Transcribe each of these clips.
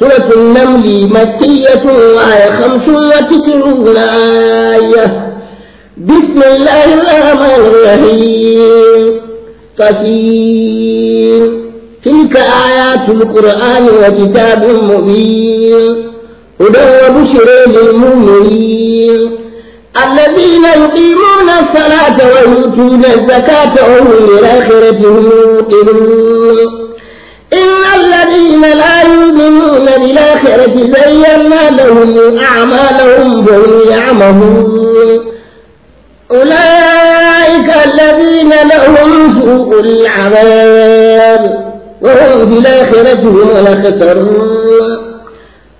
سورة النمل مكية وآية خمس وتسعون آية بسم الله الرحمن الرحيم قسيم تلك آيات القرآن وكتاب مبين هدى وبشرى للمؤمنين الذين يقيمون الصلاة ويؤتون الزكاة وهم بالآخرة هم يوقنون الذين لا يؤمنون بالآخرة زينا لهم أعمالهم فهم يعمهون أولئك الذين لهم سوء العذاب وهم في الآخرة هم الأخسرون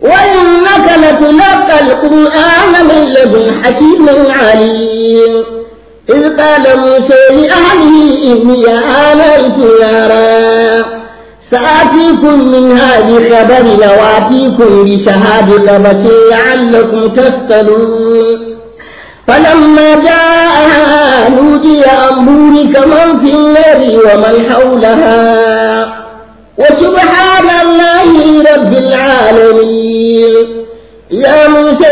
وإنك لتلقى القرآن من لدن حكيم عليم إذ قال موسى لأهله إني آمنت رب سآتيكم منها بخبر وآتيكم بشهاد قبس لعلكم تسألون فلما جاءها نودي أن بورك من في النار ومن حولها وسبحان الله رب العالمين يا موسى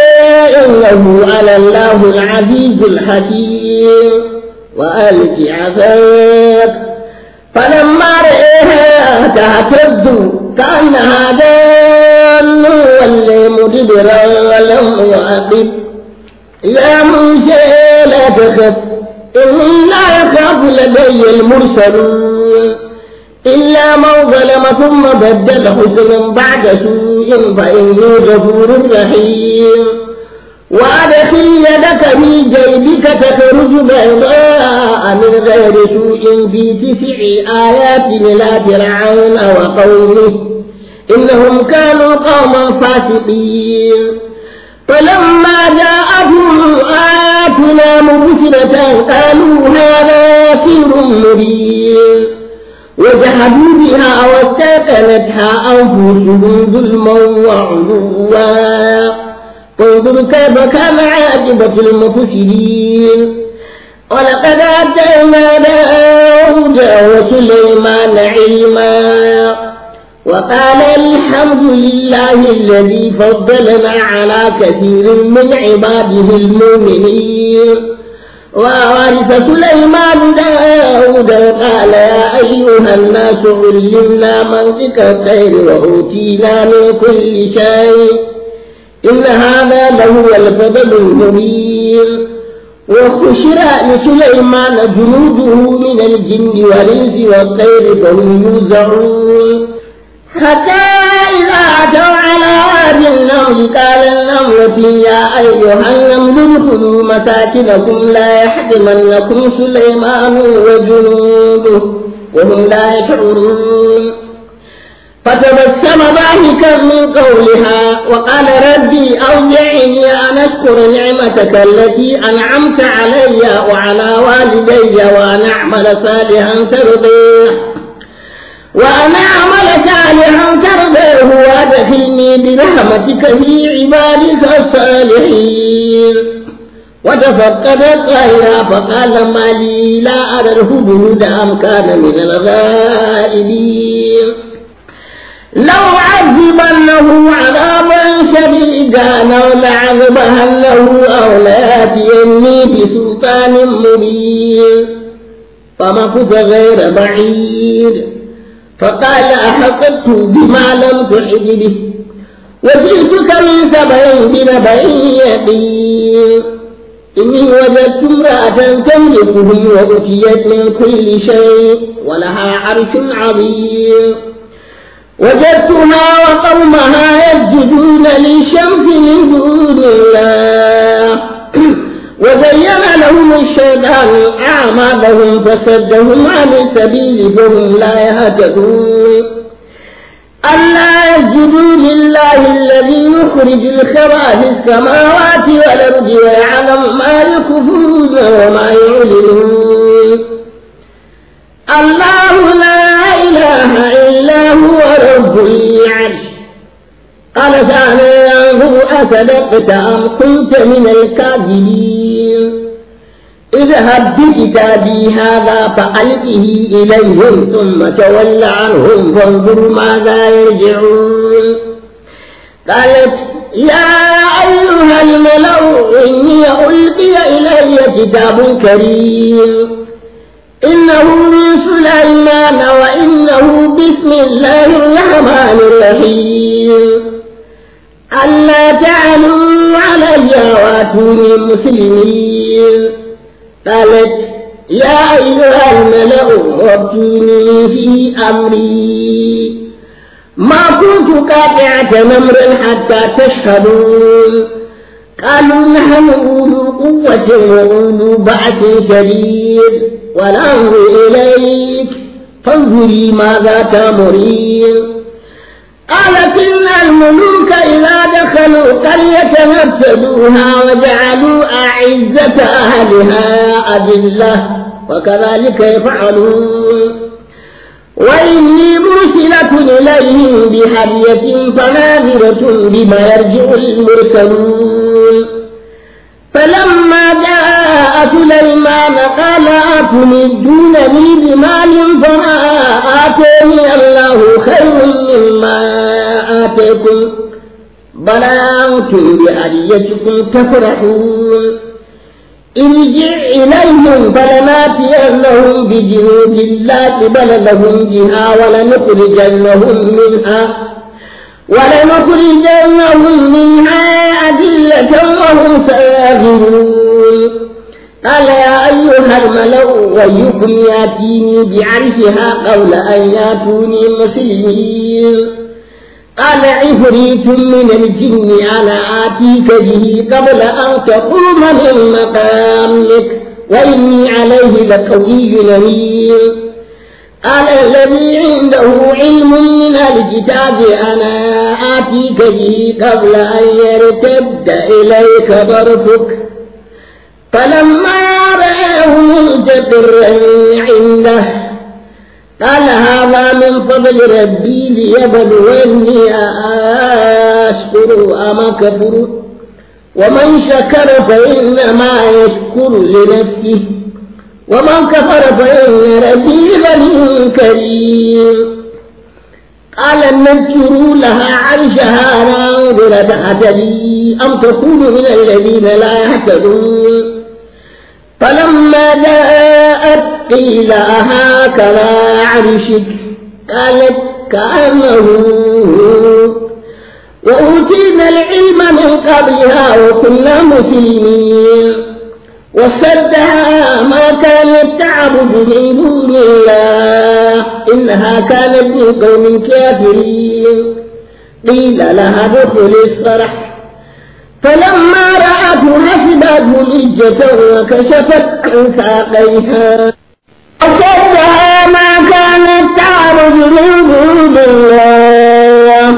إنه على الله العزيز الحكيم وألق عصاك فلما رأيها كان كأنها جان اللي مدبرا ولم يعقب يا موسى لا تخف إني لا لدي المرسلون إلا من ظلم ثم بدل حسنا بعد سوء فإنه غفور رحيم وأدخل يدك في جيبك تخرج بيضاء من غير سوء في تسع آيات إلى فرعون وقومه إنهم كانوا قوما فاسقين فلما جاءتهم آياتنا مبصرة قالوا هذا سر مبين وجحدوا بها واستيقنتها أنفسهم ظلما وعلوا انظر كيف كان المفسدين ولقد آتينا داود وسليمان علما وقال الحمد لله الذي فضلنا على كثير من عباده المؤمنين وورث سليمان داود وقال يا أيها الناس علمنا منطق الخير وأوتينا من كل شيء إن هذا لهو البدل المبين وخشر لسليمان جنوده من الجن والإنس والطير فهم يوزعون حتى إذا أتوا على واد النمل قال النمل يا أيها النمل ادخلوا مساكنكم لا يحطمنكم سليمان وجنوده وهم لا يشعرون فتبسم ضاحكا من قولها وقال ربي أوجعني أن أشكر نعمتك التي أنعمت علي وعلى والدي وأن أعمل صالحا ترضيه وأن أعمل صالحا ترضيه وأدخلني برحمتك في عبادك الصالحين وتفقد الطائرة فقال ما لي لا أرى الهدهد أم كان من الغائبين لو عذبنه عذابا شديدا أو له أو لآتيني بسلطان مبين فمكث غير بعيد فقال أحققت بما لم تحد به وجئتك من سبع بنبع يقين إني وجدت امرأة تملكهم وأتيت من كل شيء ولها عرش عظيم وجدتها وقومها يسجدون للشمس من دون الله وزين لهم الشيطان أعمالهم فسدهم عن السبيل فهم لا يهتدون ألا يسجدوا لله الذي يخرج الخبى في السماوات والأرض ويعلم ما يكفون وما يعلنون هو رب العرش قال ينظر أصدقت أم كنت من الكاذبين اذهب بكتابي هذا فألقه إليهم ثم تول عنهم فانظر ماذا يرجعون قالت يا أيها الملأ إني ألقي إلي كتاب كريم إنه من سليمان وإنه بسم الله الرحمن الرحيم ألا تعلوا علي وأتوني مسلمين قالت يا أيها الملأ ربيني في أمري ما كنت قاطعة نمر حتى تشهدون قالوا نحن أولو قوة وذو بعث شديد وله إليك فانظري ماذا تأمرين قالت إن الملوك إذا دخلوا قرية نفسدوها وجعلوا أعزة أهلها أذلة وكذلك يفعلون وإني مرسلة إليهم بهدية فناظرة بما يرجع المرسلون فلما جاء سليمان قال أتمدونني بمال فما آتاني الله خير مما آتيكم بل أنتم بأريتكم تفرحون ارجع إليهم فلناتينهم بجنود لا قبل لهم بها ولنخرجنهم منها ولنخرجنهم منها أذلة وهم قال يا أيها الملأ غيكم يأتيني بعرشها قبل أن يأتوني مسلمين قال عفريت من الجن أنا آتيك به قبل أن تقوم من مقامك وإني عليه لقوي أمين قال الذي عنده علم من الكتاب أنا آتيك به قبل أن يرتد إليك ضربك فلما رآه مستقرا عنده قال هذا من فضل ربي ليبلوني أشكر أم أكفر ومن شكر فإنما يشكر لنفسه ومن كفر فإن ربي غني كريم قال ننكروا لها عرشها ننظر تهتدي أم تكون من الذين لا يهتدون فلما جاءت قيل أهكذا عرشك قالت كأنه وأوتينا العلم من قبلها وكنا مسلمين وصدها ما كانت تعبد من دون الله إنها كانت من قوم كافرين قيل لها ادخل الصرح فلما رأته حسبته لجة وكشفت عن ساقيها وصدها ما كانت تعبد من دون الله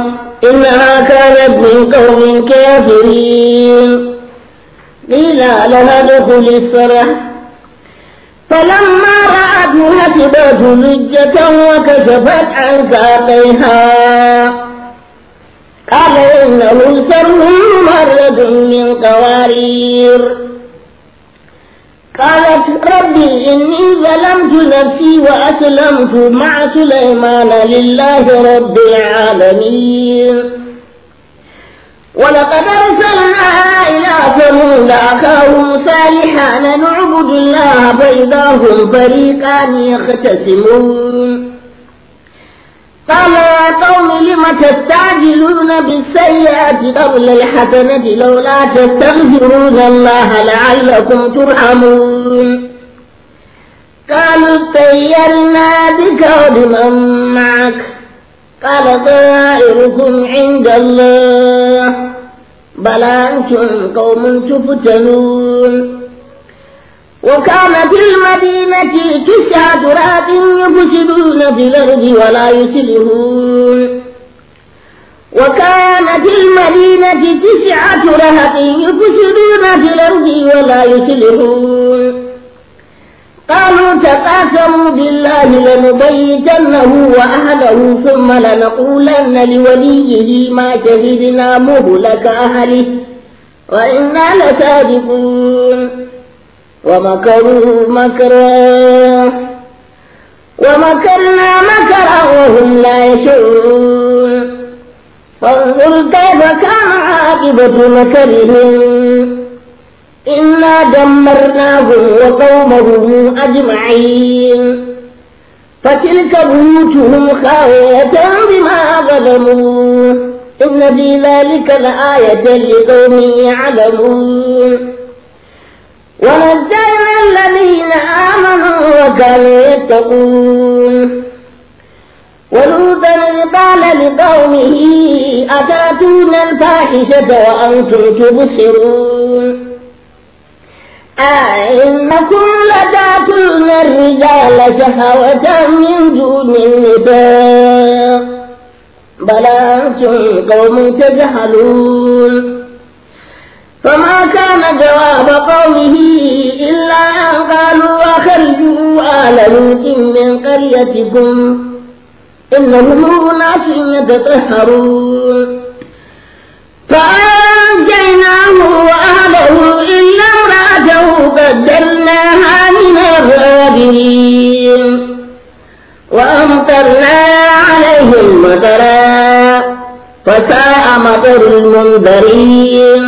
إنها كانت من قوم كافرين قيل لها دخل السرح فلما رأت حسبته لجة وكشفت عن ساقيها قال إنه سر مرد من قوارير قالت ربي إني ظلمت نفسي وأسلمت مع سليمان لله رب العالمين ولقد أرسلنا إلى ثمود أخاهم صالحا نعبد الله فإذا هم فريقان يختصمون قال يا قوم لم تستعجلون بالسيئات قبل الحسنة لولا تستغفرون الله لعلكم ترحمون قالوا طيرنا بك وبمن معك قال طائركم عند الله بل أنتم قوم تفتنون وكان في المدينة تسعة رات يفسدون في الأرض ولا يسلمون وكان في المدينة تسعة رهط يفسدون في الأرض ولا يسلمون قالوا تقاسموا بالله لنبيتنه وأهله ثم لنقولن لوليه ما شهدنا مهلك أهله وإنا لكاذبون ومكروا مكرا ومكرنا مكرا وهم لا يشعرون فانظر كيف كان عاقبة مكرهم إنا دمرناهم وقومهم أجمعين فتلك بيوتهم خاوية بما ظلموا إن في ذلك لآية لقوم يعلمون ونجينا الذين آمنوا وكانوا يتقون ولوطا قال لقومه أتاتون الفاحشة وأنتم تبصرون أئنكم لتأتون الرجال شهوة من دون النساء بل أنتم قوم تجهلون فما كان جواب قومه إلا أن قالوا أخرجوا آل لوط من قريتكم إنهم أناس يتطهرون فأ فبدلناها من الغابرين وأمطرنا عليهم مطرا فساء مطر المنذرين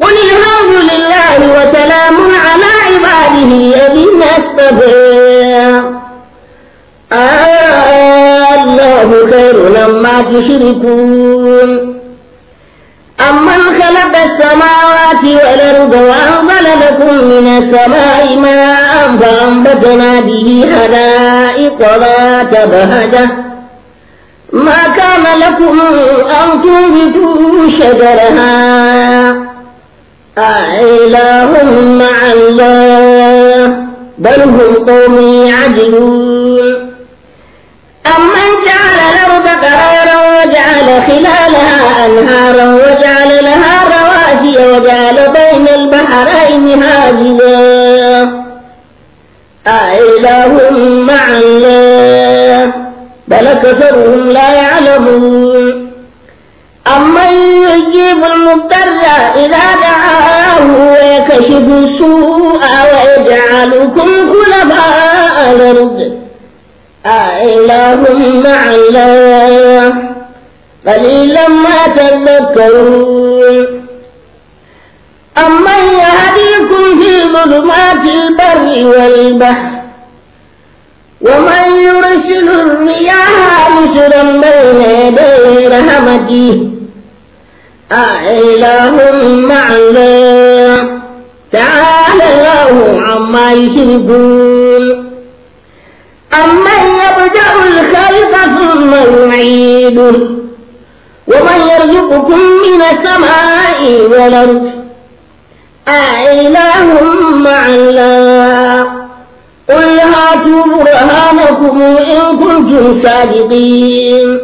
قل الحمد لله وسلام على عباده الذين اصطفى آه الله خير لما تشركون أمن خلق السماوات والأرض وأنزل لكم من السماء ماء فأنبتنا به حدائق ذات بهجة ما كان لكم أن تنبتوا شجرها أإله مع الله بل هم قوم يعدلون أمن جعل الأرض قرارا وجعل خلالها أنهارا وجعل بين البحرين هاجلا أإله مع الله بل أكثرهم لا يعلمون أمن يجيب المضطر إذا دعاه ويكشف السوء ويجعلكم خلفاء الأرض أإله مع الله قليلا ما تذكرون ظلمات البر والبحر ومن يرسل الرياح بشرا بين يدي رحمته أإله مع الله تعالى الله عما يشركون أمن يبدأ الخلق ثم يعيده ومن يرزقكم من السماء والأرض إله مع الله قل هاتوا برهانكم إن كنتم صادقين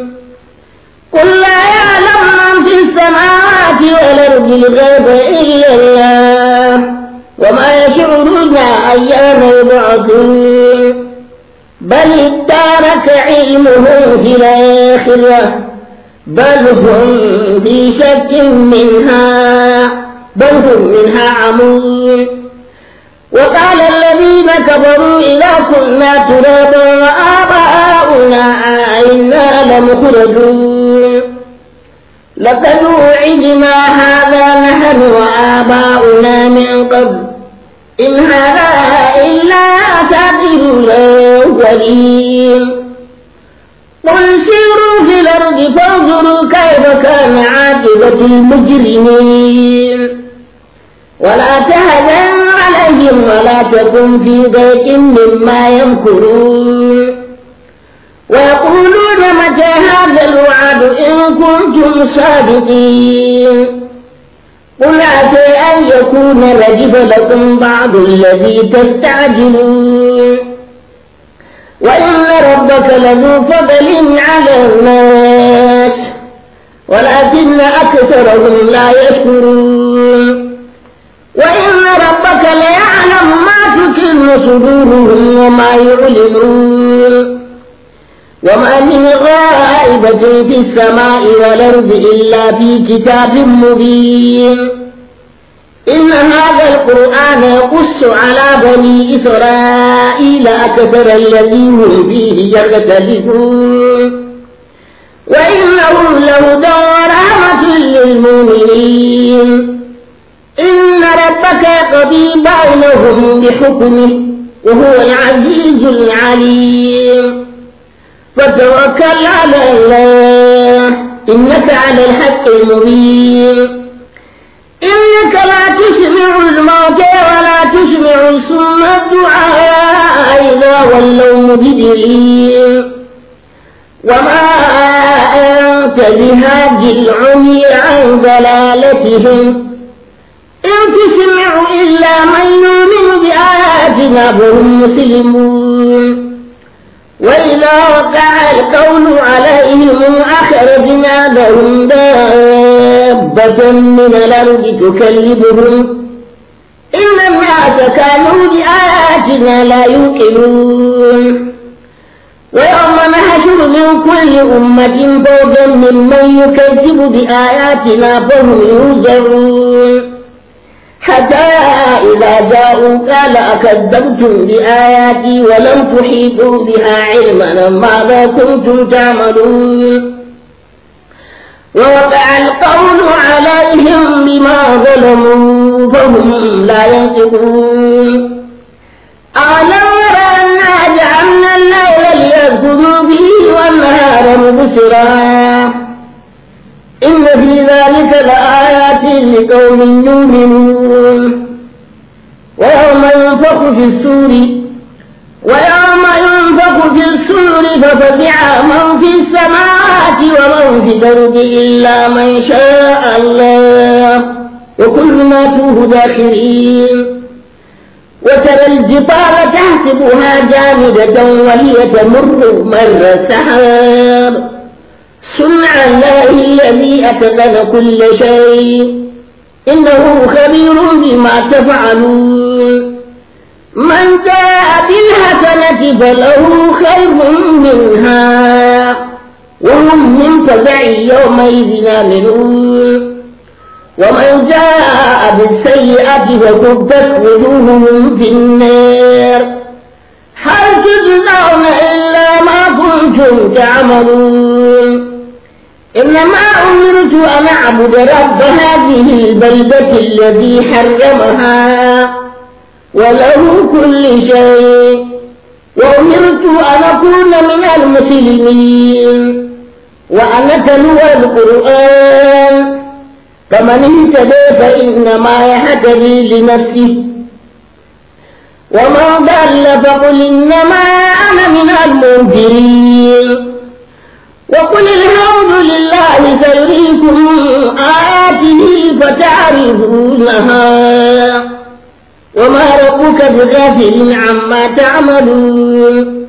قل لا يعلم من في السماوات والأرض الغيب إلا الله وما يشعرون أيام يبعثون بل ادارك علمهم في الآخرة بل هم بشك منها بل هم منها عمون وقال الذين كفروا إذا كنا ترابا وآباؤنا أئنا لمخرجون لقد وعدنا هذا نحن وآباؤنا من قبل إن هذا إلا أساطير الأولين قل سيروا في الأرض فانظروا كيف كان عاقبة المجرمين ولا تهجر عليهم ولا تكن في ضيق مما يمكرون ويقولون متى هذا الوعد إن كنتم صادقين قل عسى أن يكون رجب لكم بعض الذي تستعجلون وإن ربك لذو فضل على الناس ولكن أكثرهم لا يشكرون وإن ربك ليعلم ما تكن صدورهم وما يعلنون وما من غائبة في السماء والأرض إلا في كتاب مبين إن هذا القرآن يقص على بني إسرائيل أكثر الذي هم فيه يختلفون وإنه لهدى ورحمة للمؤمنين ربك قضي بينهم بحكمه وهو العزيز العليم فتوكل على الله إنك على الحق المبين إنك لا تسمع الموتى ولا تسمع ثم الدعاء إذا ولوا مدبرين وما أنت بهاد العمي عن ضلالتهم إلا من يؤمن بآياتنا فهم مسلمون وإذا وقع القول عليهم أخرجنا لهم دابة من الأرض تكلمهم إن الناس كانوا بآياتنا لا يوقنون ويوم نحشر من كل أمة فوجا ممن يكذب بآياتنا فهم يوزعون حتى إذا جاءوك لا كذبتم بآياتي ولم تحيطوا بها علما ماذا كنتم تعملون ووقع القول عليهم بما ظلموا فهم لا ينطقون أعلم أنا جعلنا الليل ليسكنوا فيه والنهار مبصرا إن في ذلك لآيات لقوم يؤمنون ويوم ينفق في السور ويوم ينفق في السور ففزع من في السماوات ومن في الأرض إلا من شاء الله وكلنا فيه داخلين وترى الجبال تحسبها جامدة وهي تمر مر السحاب صنع الله الذي أتقن كل شيء إنه خبير بما تفعلون من جاء بالحسنة فله خير منها وهم من فزع يومئذ آمنون ومن جاء بالسيئة فكبت وجوههم في النار هل تجزعون إلا ما كنتم تعملون إنما أمرت أن أعبد رب هذه البلدة الذي حرمها وله كل شيء وأمرت أن أكون من المسلمين وأن أتلو القرآن فمن اهتدى فإنما يهتدي لنفسه ومن ضل فقل إنما أنا من المنذرين وقل الحمد لله سيريكم آياته فتعرفونها وما ربك بغافل عما تعملون